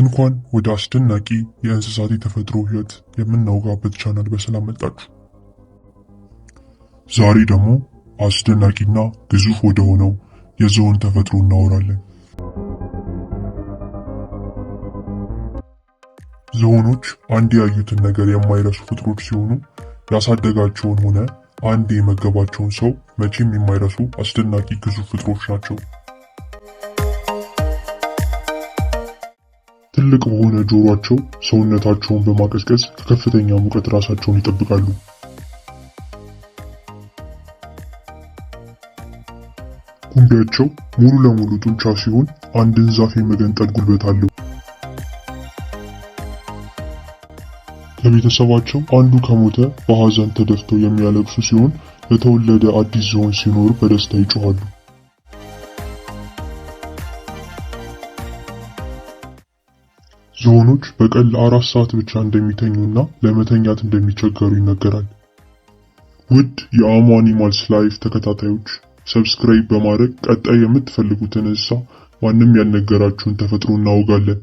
እንኳን ወደ አስደናቂ የእንስሳት የተፈጥሮ ህይወት የምናውጋበት ቻናል በሰላም መጣችሁ። ዛሬ ደግሞ አስደናቂና ግዙፍ ወደ ሆነው የዝሆን ተፈጥሮ እናወራለን። ዝሆኖች አንድ ያዩትን ነገር የማይረሱ ፍጥሮች ሲሆኑ ያሳደጋቸውን ሆነ አንድ የመገባቸውን ሰው መቼም የማይረሱ አስደናቂ ግዙፍ ፍጥሮች ናቸው። ትልቅ በሆነ ጆሯቸው ሰውነታቸውን በማቀዝቀዝ ከከፍተኛ ሙቀት ራሳቸውን ይጠብቃሉ። ጉንዳቸው ሙሉ ለሙሉ ጡንቻ ሲሆን አንድን ዛፍ የመገንጠል ጉልበት አለው። ከቤተሰባቸው አንዱ ከሞተ በሐዘን ተደፍተው የሚያለቅሱ ሲሆን የተወለደ አዲስ ዝሆን ሲኖር በደስታ ይጮኋሉ። ዝሆኖች በቀን ለአራት ሰዓት ብቻ እንደሚተኙና ለመተኛት እንደሚቸገሩ ይነገራል። ውድ የአሞ አኒማልስ ላይፍ ተከታታዮች ሰብስክራይብ በማድረግ ቀጣይ የምትፈልጉትን እንስሳ ማንም ያልነገራችሁን ተፈጥሮ እናውጋለን።